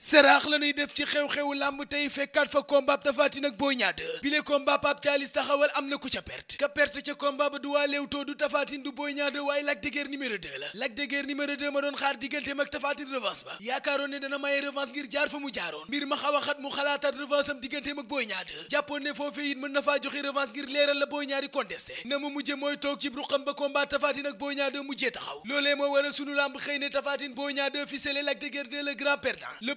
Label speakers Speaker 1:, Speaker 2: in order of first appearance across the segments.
Speaker 1: seraax la ñuy def ci xew-xewu làmb tey fekkaat fa combat Tapha Tine ak Boy Niang na ku ca perte ba du waa Leewtoo du Tapha Tine du Boy Niang 2 waaye Lac la Lac de ne dana maye revanche ngir jaar fa a mu xalaataat revanche am digganteem ak Boy Niang 2 jàppoon ne foofee it mën na la Boy Niang di contesté mujje ba combat Tapha Tine ak Boy Niang 2 mujjee taxaw loolee moo waral sunu làmb xëy ne Tapha Boy Niang 2 ficelé Lac de Guiers grand perdant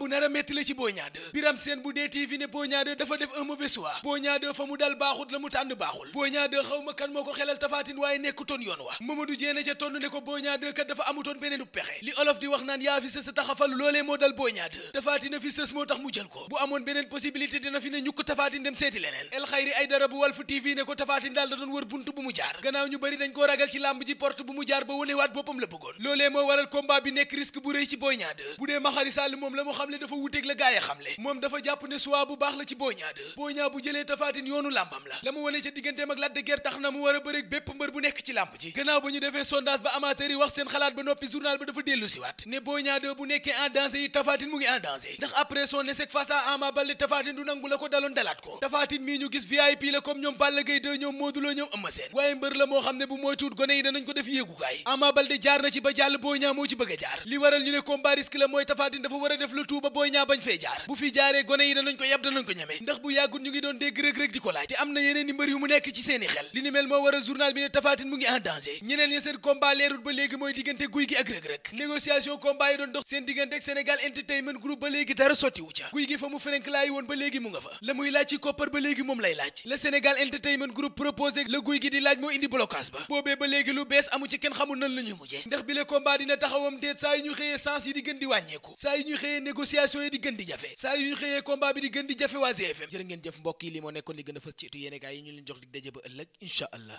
Speaker 1: bu nar metti la ci Boy Niang 2 bu dee TV ne Boy dafa def un mauvais choix Boy fa mu dal baaxut la mu tànn baaxul Boy Niang kan moo ko xelal tafaatin waaye nekkutoon yoon wa Mamadou Dieng ca tonn ne ko Boy kat dafa amutoon beneen bu pexe li olof di wax naan yaa fi sës taxafalu loolee moo dal Boy Niang 2 fi sës moo tax mu jël ko bu amoon beneen possibilité dina fi ne ñukk tafaatin dem seeti leneen El Khayri Aïdara bu bu mu jaar gannaaw xamle dafa wuteeg la gaay xamle moom dafa jàpp ne soit bu baax la ci Boy Niang bu jëlee tafaatin yoonu làmbam la la mu wone ca digganteem ak Lac de Guiers tax na mu war a bépp mbër bu nekk ci làmb ji gannaaw ba ñu defee sondage ba amateur yi wax seen xalaat ba noppi journal ba dafa dellu siwaat ne Boy bu nekkee en danger yi tafaatin mu ngi en danger ndax après son échec face à Ama Baldé tafaatin du nangu la ko daloon dalaat ko tafaatin ba booy ñaa fee jaar bu fi jaaree gone yi danañ ko yab danañ ko ñeme ndax bi la muy dina taxawam déet saa yu ñu xëyee sens yi di gën di wàññeeku saa yu ñu xëyee négociation yi di gën di jafe saa yu ñu xëyee combat di gën di jafe waa GFM jërë ngeen jëf mbokk yi li moo nekkoon li gën a fës ci itu yéene gaay yi allah